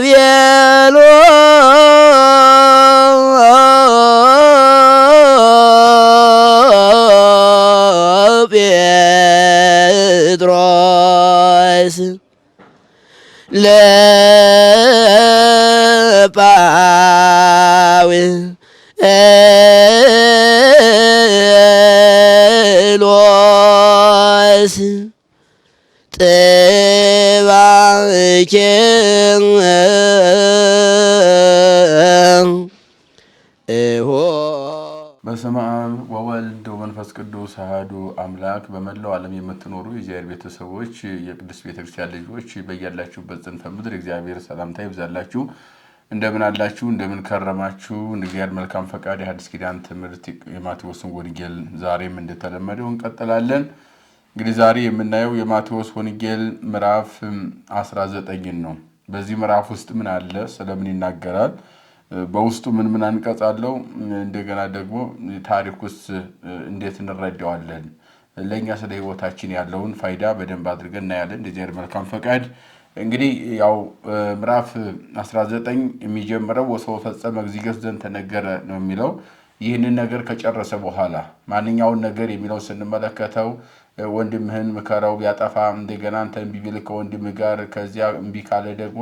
¡Bien! በዴንማርክ በመላው ዓለም የምትኖሩ የእግዚአብሔር ቤተሰቦች የቅዱስ ቤተክርስቲያን ልጆች በያላችሁበት ጽንፈ ምድር እግዚአብሔር ሰላምታ ይብዛላችሁ። እንደምን አላችሁ? እንደምን ከረማችሁ? እንደ እግዚአብሔር መልካም ፈቃድ የሐዲስ ኪዳን ትምህርት የማቴዎስን ወንጌል ዛሬም እንደተለመደው እንቀጥላለን። እንግዲህ ዛሬ የምናየው የማቴዎስ ወንጌል ምዕራፍ 19ን ነው። በዚህ ምዕራፍ ውስጥ ምን አለ? ስለምን ይናገራል? በውስጡ ምን ምን አንቀጽ አለው? እንደገና ደግሞ ታሪክ ውስጥ እንዴት እንረዳዋለን? ለእኛ ስለ ህይወታችን ያለውን ፋይዳ በደንብ አድርገን እናያለን። እንደዚህ መልካም ፈቃድ እንግዲህ ያው ምዕራፍ 19 የሚጀምረው ወሰው ፈጸመ እግዚአብሔር ዘንድ ተነገረ ነው የሚለው ይህንን ነገር ከጨረሰ በኋላ ማንኛውን ነገር የሚለው ስንመለከተው ወንድምህን ምከረው ቢያጠፋ እንደገና አንተ እምቢ ቢል ከወንድምህ ጋር ከዚያ እምቢ ካለ ደግሞ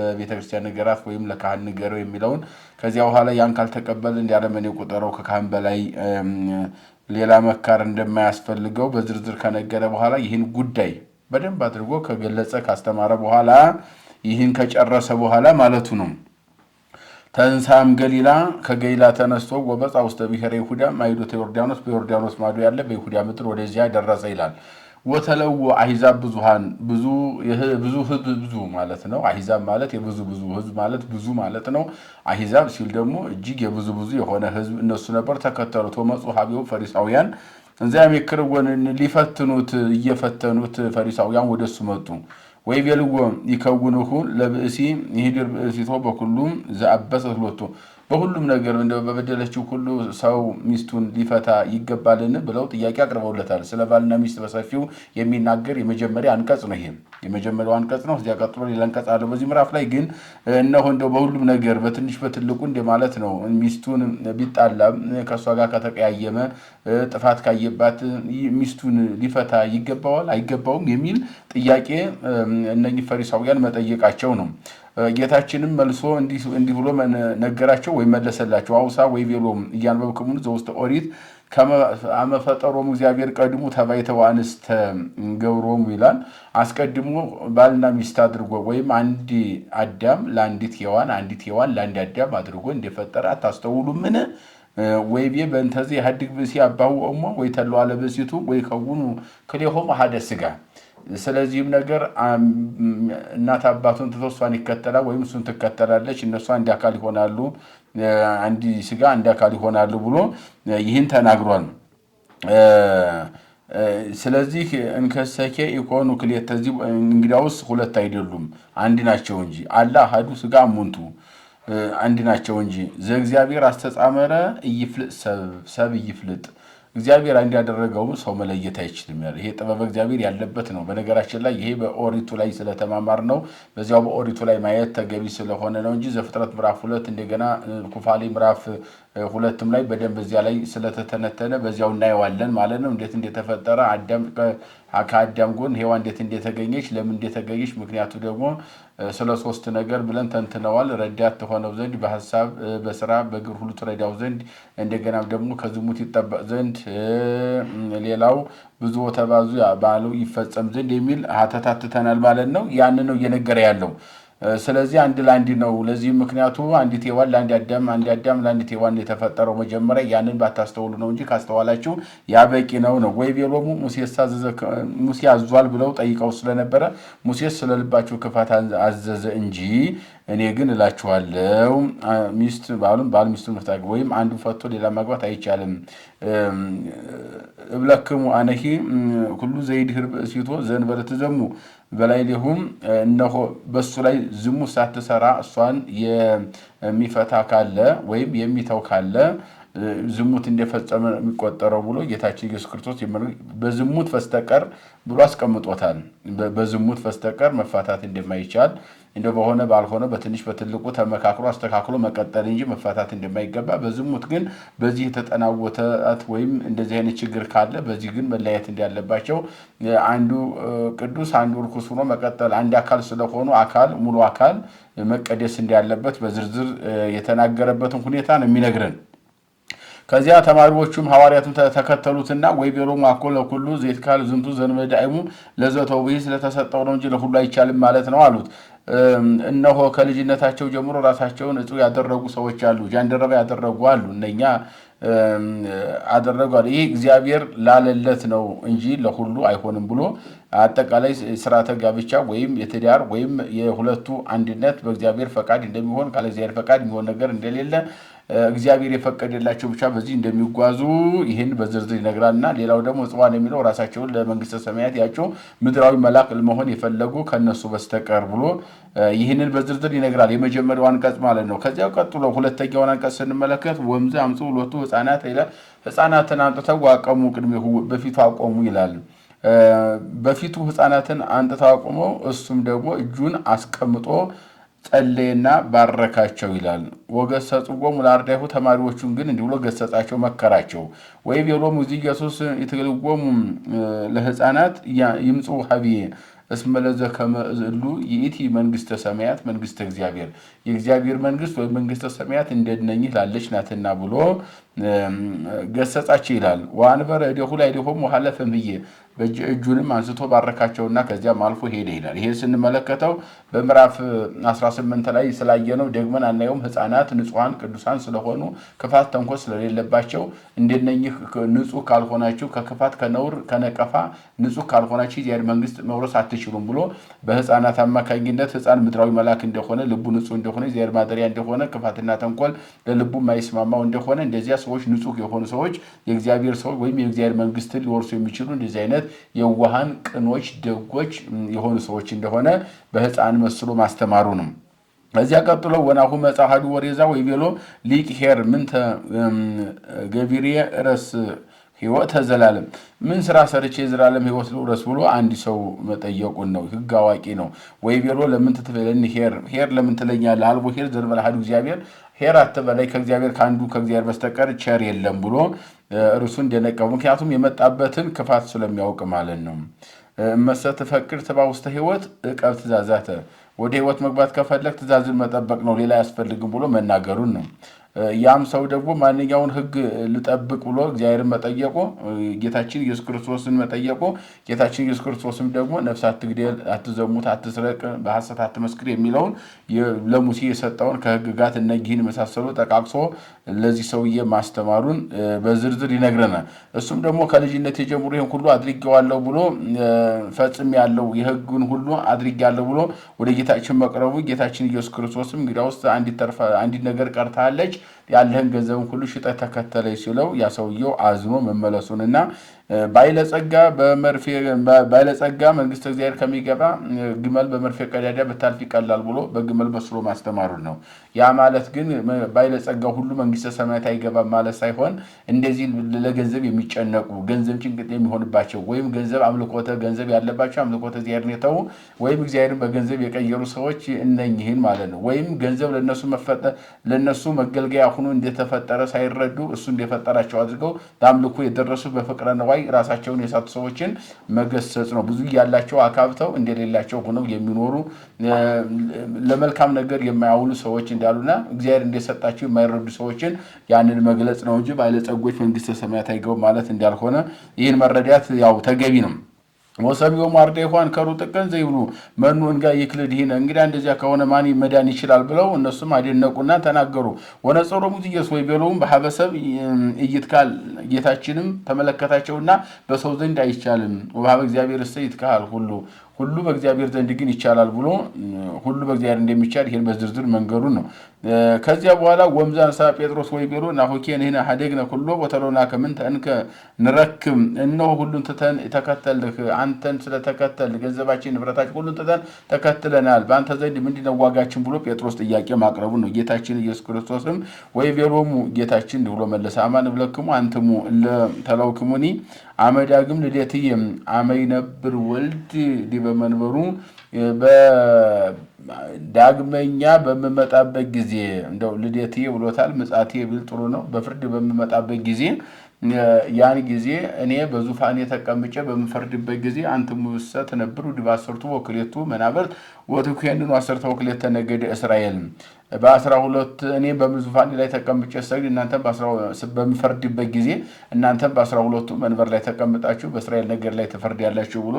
ለቤተክርስቲያን ነገራት ወይም ለካህን ንገረው የሚለውን ከዚያ በኋላ ያን ካልተቀበል እንደ አረመኔ ቁጠረው ከካህን በላይ ሌላ መካር እንደማያስፈልገው በዝርዝር ከነገረ በኋላ ይህን ጉዳይ በደንብ አድርጎ ከገለጸ ካስተማረ በኋላ ይህን ከጨረሰ በኋላ ማለቱ ነው። ተንሳም ገሊላ ከገሊላ ተነስቶ ወበፃ ውስተ ብሔረ ይሁዳ ማይዶተ ዮርዳኖስ በዮርዳኖስ ማዶ ያለ በይሁዳ ምድር ወደዚያ ደረሰ ይላል። ወተለው አሂዛብ ብዙሃን ብዙ ህብ ብዙ ማለት ነው። አሂዛብ ማለት የብዙ ብዙ ህዝብ ማለት ብዙ ማለት ነው። አሂዛብ ሲል ደግሞ እጅግ የብዙ ብዙ የሆነ ህዝብ እነሱ ነበር ተከተሉት። ወመፁ ሀቢው ፈሪሳውያን እንዚያም የክርወንን ሊፈትኑት እየፈተኑት ፈሪሳውያን ወደሱ መጡ። ወይ ቤልዎ ይከውንሁ ለብእሲ ይህድር ብእሲቶ በኩሉም ዘአበሰት ስሎቱ በሁሉም ነገር በበደለችው ሁሉ ሰው ሚስቱን ሊፈታ ይገባልን ብለው ጥያቄ አቅርበውለታል። ስለ ባልና ሚስት በሰፊው የሚናገር የመጀመሪያ አንቀጽ ነው። ይሄም የመጀመሪያው አንቀጽ ነው። እዚያ ቀጥሎ ሌላ አንቀጽ አለው። በዚህ ምዕራፍ ላይ ግን እነሆ እንደው በሁሉም ነገር በትንሽ በትልቁ እንደ ማለት ነው ሚስቱን ቢጣላ ከእሷ ጋር ከተቀያየመ ጥፋት ካየባት ሚስቱን ሊፈታ ይገባዋል አይገባውም የሚል ጥያቄ እነኚህ ፈሪሳውያን መጠየቃቸው ነው። ጌታችንም መልሶ እንዲህ ብሎ ነገራቸው ወይም መለሰላቸው። አውሳ ወይ ቤሎም እያንበብክሙን ዘውስተ ኦሪት አመፈጠሮም እግዚአብሔር ቀድሞ ተባይተው አንስተ ገብሮም ይላል። አስቀድሞ ባልና ሚስት አድርጎ ወይም አንድ አዳም ለአንዲት ሔዋን አንዲት ሔዋን ለአንድ አዳም አድርጎ እንደፈጠረ አታስተውሉምን? ቤ በእንተዚ ኢህድግ ብእሲ አባው እሞ ወይ ተለዋለ ብእሲቱ ወይ ከውኑ ክሌሆም አሐደ ሥጋ ስለዚህም ነገር እናት አባቱን ትቶ እሷን ይከተላል ወይም እሱን ትከተላለች፣ እነሷ አንድ አካል ይሆናሉ፣ አንድ ስጋ አንድ አካል ይሆናሉ ብሎ ይህን ተናግሯል። ስለዚህ እንከሰኬ ኢኮኑ ክልኤተ እንግዲያውስ ሁለት አይደሉም አንድ ናቸው እንጂ አላ አሐዱ ስጋ ሙንቱ አንድ ናቸው እንጂ ዘእግዚአብሔር አስተጻመረ እይፍልጥ ሰብ ሰብ እይፍልጥ እግዚአብሔር አንድ ያደረገውም ሰው መለየት አይችልም። ይሄ ጥበብ እግዚአብሔር ያለበት ነው። በነገራችን ላይ ይሄ በኦሪቱ ላይ ስለተማማር ነው። በዚያው በኦሪቱ ላይ ማየት ተገቢ ስለሆነ ነው እንጂ ዘፍጥረት ምዕራፍ ሁለት እንደገና ኩፋሌ ምዕራፍ ሁለቱም ላይ በደንብ እዚያ ላይ ስለተተነተነ በዚያው እናየዋለን ማለት ነው። እንዴት እንደተፈጠረ ከአዳም ጎን ሔዋን እንዴት እንደተገኘች፣ ለምን እንደተገኘች ምክንያቱ ደግሞ ስለ ሶስት ነገር ብለን ተንትነዋል። ረዳት ተሆነው ዘንድ በሀሳብ በስራ በግር ሁሉ ትረዳው ዘንድ እንደገና ደግሞ ከዝሙት ይጠበቅ ዘንድ ሌላው ብዙ ተባዙ ባለው ይፈጸም ዘንድ የሚል ሀተታትተናል ማለት ነው። ያን ነው እየነገረ ያለው። ስለዚህ አንድ ለአንድ ነው። ለዚህ ምክንያቱ አንዲት ሔዋን ለአንድ አዳም፣ አንድ አዳም ለአንድ ሔዋን የተፈጠረው መጀመሪያ ያንን ባታስተውሉ ነው እንጂ ካስተዋላችሁ ያበቂ ነው ነው ወይ ቤሎሙ ሙሴ አዟል ብለው ጠይቀው ስለነበረ ሙሴስ ስለልባችሁ ክፋት አዘዘ እንጂ እኔ ግን እላችኋለሁ ሚስት ባሉም ባል ሚስቱ ፈታግ ወይም አንዱ ፈቶ ሌላ ማግባት አይቻልም። እብለክሙ አነሂ ሁሉ ዘይድ ዘይድህር ሲቶ ዘንበለ ትዘሙ በላይ ሊሁም እነሆ በሱ ላይ ዝሙ ሳትሰራ እሷን የሚፈታ ካለ ወይም የሚተው ካለ ዝሙት እንደፈጸመ የሚቆጠረው ብሎ ጌታችን ኢየሱስ ክርስቶስ በዝሙት በስተቀር ብሎ አስቀምጦታል። በዝሙት በስተቀር መፋታት እንደማይቻል እንደ በሆነ ባልሆነ በትንሽ በትልቁ ተመካክሎ አስተካክሎ መቀጠል እንጂ መፋታት እንደማይገባ፣ በዝሙት ግን በዚህ የተጠናወተት ወይም እንደዚህ አይነት ችግር ካለ በዚህ ግን መለያየት እንዳለባቸው አንዱ ቅዱስ አንዱ እርኩስ ሆኖ መቀጠል አንድ አካል ስለሆኑ አካል ሙሉ አካል መቀደስ እንዳለበት በዝርዝር የተናገረበትን ሁኔታ ነው የሚነግረን። ከዚያ ተማሪዎቹም ሐዋርያትም ተከተሉትና ወይ ቤሮ ማኮ ለኩሉ ዜትካል ዝንቱ ዘንበዳይሙ ለዘተው ብሂ ስለተሰጠው ነው እንጂ ለሁሉ አይቻልም ማለት ነው አሉት። እነሆ ከልጅነታቸው ጀምሮ ራሳቸውን እጹ ያደረጉ ሰዎች አሉ፣ ጃንደረባ ያደረጉ አሉ። እነኛ አደረጓል። ይህ እግዚአብሔር ላለለት ነው እንጂ ለሁሉ አይሆንም ብሎ አጠቃላይ ስርዓተ ጋብቻ ወይም የትዳር ወይም የሁለቱ አንድነት በእግዚአብሔር ፈቃድ እንደሚሆን ካለ እግዚአብሔር ፈቃድ የሚሆን ነገር እንደሌለ እግዚአብሔር የፈቀደላቸው ብቻ በዚህ እንደሚጓዙ ይህን በዝርዝር ይነግራልና ሌላው ደግሞ ጽዋን የሚለው ራሳቸውን ለመንግስተ ሰማያት ያጩ ምድራዊ መላክ መሆን የፈለጉ ከነሱ በስተቀር ብሎ ይህንን በዝርዝር ይነግራል። የመጀመሪያው አንቀጽ ማለት ነው። ከዚያው ቀጥሎ ሁለተኛውን አንቀጽ ስንመለከት ወምዝ አምፁ ሁለቱ ህፃናት ይላል። ህፃናትን አንጥተው አቀሙ ቅድሜ በፊቱ አቆሙ ይላል። በፊቱ ህፃናትን አንጥተው አቆመው እሱም ደግሞ እጁን አስቀምጦ ጸለየና ባረካቸው ይላል። ወገሰጽዎሙ ለአርዳኢሁ ተማሪዎቹን ግን እንዲህ ብሎ ገሰጻቸው፣ መከራቸው። ወይ ወይቤሎሙ እዚህ ኢየሱስ ይትልዎሙ ለህፃናት ይምፁ ሀብዬ እስመለዘ ለዘከመ እሉ ይእቲ መንግስተ ሰማያት መንግስተ እግዚአብሔር የእግዚአብሔር መንግስት ወይ መንግስተ ሰማያት እንደነኝህ ላለች ናትና ብሎ ገሰጻቸው ይላል። ወአንበረ እዴሁ እዴሆሙ ሀለፈ እምዬ እጁንም አንስቶ ባረካቸውና ከዚያም አልፎ ሄደ ይላል። ይሄ ስንመለከተው በምዕራፍ 18 ላይ ስላየነው ደግመን አናየውም። ሕፃናት ንጹሐን ቅዱሳን ስለሆኑ ክፋት፣ ተንኮል ስለሌለባቸው እንደነኚህ ንጹህ ካልሆናችሁ ከክፋት ከነውር፣ ከነቀፋ ንጹህ ካልሆናችሁ የእግዚአብሔር መንግስት መውረስ አትችሉም ብሎ በሕፃናት አማካኝነት ሕፃን ምድራዊ መልአክ እንደሆነ ልቡ ንጹህ እንደሆነ የእግዚአብሔር ማደሪያ እንደሆነ ክፋትና ተንኮል ለልቡ የማይስማማው እንደሆነ እንደዚያ ሰዎች፣ ንጹህ የሆኑ ሰዎች፣ የእግዚአብሔር ሰዎች ወይም የእግዚአብሔር መንግስትን ሊወርሱ የሚችሉ እንደዚህ አይነት የዋሃን፣ ቅኖች፣ ደጎች የሆኑ ሰዎች እንደሆነ በህፃን መስሎ ማስተማሩ ነው። ከዚያ ቀጥሎ ወናሁ መጽሐዱ ወሬዛ ወይቤሎ ሊቅ ሄር ምንተ ገቢሬ ረስ ህይወት ተዘላለም ምን ስራ ሰርቼ የዘላለም ህይወት ልውረስ ብሎ አንድ ሰው መጠየቁን ነው። ህግ አዋቂ ነው ወይ ቤሎ ለምን ትትለኒ ሄር ሄር ለምን ትለኛለህ? አልቦ ሄር ዘንበላሃዱ እግዚአብሔር ሄር አትበላይ ከእግዚአብሔር ከአንዱ ከእግዚአብሔር በስተቀር ቸር የለም ብሎ እርሱ እንደነቀቡ ምክንያቱም የመጣበትን ክፋት ስለሚያውቅ ማለት ነው። መሰ ትፈቅድ ትባ ውስተ ህይወት እቀብ ትእዛዛተ ወደ ህይወት መግባት ከፈለግ ትእዛዝን መጠበቅ ነው፣ ሌላ አያስፈልግም ብሎ መናገሩን ነው። ያም ሰው ደግሞ ማንኛውን ሕግ ልጠብቅ ብሎ እግዚአብሔርን መጠየቆ ጌታችን ኢየሱስ ክርስቶስን መጠየቆ ጌታችን ኢየሱስ ክርስቶስም ደግሞ ነፍስ አትግደል፣ አትዘሙት፣ አትስረቅ፣ በሐሰት አትመስክር የሚለውን ለሙሴ የሰጠውን ጋት እነጊህን መሳሰሉ ጠቃቅሶ ለዚህ ሰውዬ ማስተማሩን በዝርዝር ይነግረናል። እሱም ደግሞ ከልጅነት የጀምሮ ይህን ሁሉ አድርጌዋለሁ ብሎ ፈጽም ያለው የሕግን ሁሉ አድርጌያለሁ ብሎ ወደ ጌታችን መቅረቡ ጌታችን ኢየሱስ ክርስቶስም እንግዲያውስ አንዲት ነገር ቀርታለች ያለህን ገንዘብን ሁሉ ሽጠህ ተከተለኝ ሲለው ያ ሰውየው አዝኖ መመለሱንና ባይለጸጋ በመርፌ ባይለጸጋ መንግስት እግዚአብሔር ከሚገባ ግመል በመርፌ ቀዳዳ ብታልፍ ይቀላል ብሎ በግመል መስሎ ማስተማሩን ነው። ያ ማለት ግን ባይለጸጋ ሁሉ መንግስተ ሰማያት አይገባም ማለት ሳይሆን እንደዚህ ለገንዘብ የሚጨነቁ ገንዘብ ጭንቅጥ የሚሆንባቸው ወይም ገንዘብ አምልኮተ ገንዘብ ያለባቸው አምልኮተ እግዚአብሔር የተዉ ወይም እግዚአብሔርን በገንዘብ የቀየሩ ሰዎች እነኝህን ማለት ነው። ወይም ገንዘብ ለነሱ ለነሱ መገልገያ ሁኖ እንደተፈጠረ ሳይረዱ እሱ እንደፈጠራቸው አድርገው ለአምልኮ የደረሱ በፍቅረ ነዋይ ላይ ራሳቸውን የሳቱ ሰዎችን መገሰጽ ነው። ብዙ ያላቸው አካብተው እንደሌላቸው ሆነው የሚኖሩ ለመልካም ነገር የማያውሉ ሰዎች እንዳሉና እግዚአብሔር እንደሰጣቸው የማይረዱ ሰዎችን ያንን መግለጽ ነው እንጂ ባለጸጎች መንግስተ ሰማያት አይገቡ ማለት እንዳልሆነ ይህን መረዳት ያው ተገቢ ነው። ወሰቢው ማርደ ይኳን ከሩ ጥቅን ዘይብሉ መኑ እንጋ ይክልድ ይህን እንግዳ እንደዚያ ከሆነ ማን መዳን ይችላል ብለው እነሱም አደነቁና ተናገሩ። ወነጸሮ ሙት ኢየሱስ ወይ ቤሎውም በሀበሰብ እይትካል ጌታችንም ተመለከታቸውና በሰው ዘንድ አይቻልም ወበሀበ እግዚአብሔር እሰ ይትካል ሁሉ ሁሉ በእግዚአብሔር ዘንድ ግን ይቻላል ብሎ ሁሉ በእግዚአብሔር እንደሚቻል ይህን በዝርዝር መንገዱን ነው። ከዚያ በኋላ ወምዛ እንሳ ጴጥሮስ ወይ ናሆኬ ናሆኬን ይህን ሀደግነ ኩሎ ወተለውና ከምንተ እንከ ንረክም እነሆ ሁሉን ትተን ተከተልህ። አንተን ስለተከተል ገንዘባችን፣ ንብረታችን ሁሉን ትተን ተከትለናል። በአንተ ዘንድ ምንድነው ዋጋችን ብሎ ጴጥሮስ ጥያቄ ማቅረቡ ነው። ጌታችን ኢየሱስ ክርስቶስም ወይ ቤሎሙ ጌታችን ብሎ መለሰ። አማን ብለክሙ አንትሙ ለተለውክሙኒ አመዳግም አመይ ነብር ወልድ ዲበመንበሩ ዳግመኛ በምመጣበት ጊዜ ጊዜ እንደው ልደትዬ ብሎታል። ምጻቴ ብል ጥሩ ነው። በፍርድ በምመጣበት ጊዜ ያን ጊዜ እኔ በዙፋኔ ተቀምጬ በምፈርድበት ጊዜ አንትሙ ሙሰ ትነብሩ ዲበ አሰርቱ ወክሌቱ ወትኩ ወትኮንኑ አሰርተ ወክሌተ ነገደ እስራኤል በአስራ ሁለት እኔ በዙፋኔ ላይ ተቀምጬ ሰግድ እናንተ በምፈርድበት ጊዜ እናንተ በአስራ ሁለቱ መንበር ላይ ተቀምጣችሁ በእስራኤል ነገር ላይ ያላችሁ ብሎ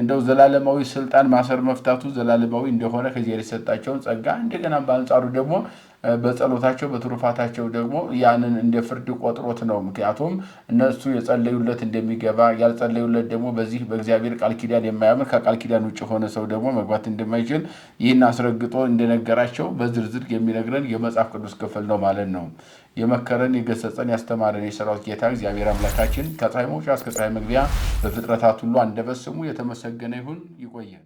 እንደው ዘላለማዊ ስልጣን ማሰር መፍታቱ ዘላለማዊ እንደሆነ ከዚያ የሰጣቸውን ጸጋ እንደገና በአንጻሩ ደግሞ በጸሎታቸው በትሩፋታቸው ደግሞ ያንን እንደ ፍርድ ቆጥሮት ነው። ምክንያቱም እነሱ የጸለዩለት እንደሚገባ ያልጸለዩለት ደግሞ በዚህ በእግዚአብሔር ቃል ኪዳን የማያምር ከቃል ኪዳን ውጭ የሆነ ሰው ደግሞ መግባት እንደማይችል ይህን አስረግጦ እንደነገራቸው በዝርዝር የሚነግረን የመጽሐፍ ቅዱስ ክፍል ነው ማለት ነው። የመከረን የገሰጸን ያስተማረን የሰራዊት ጌታ እግዚአብሔር አምላካችን ከፀሐይ መውጫ እስከ ፀሐይ መግቢያ በፍጥረታት ሁሉ አንደበት ስሙ የተመሰገነ ይሁን። ይቆየን።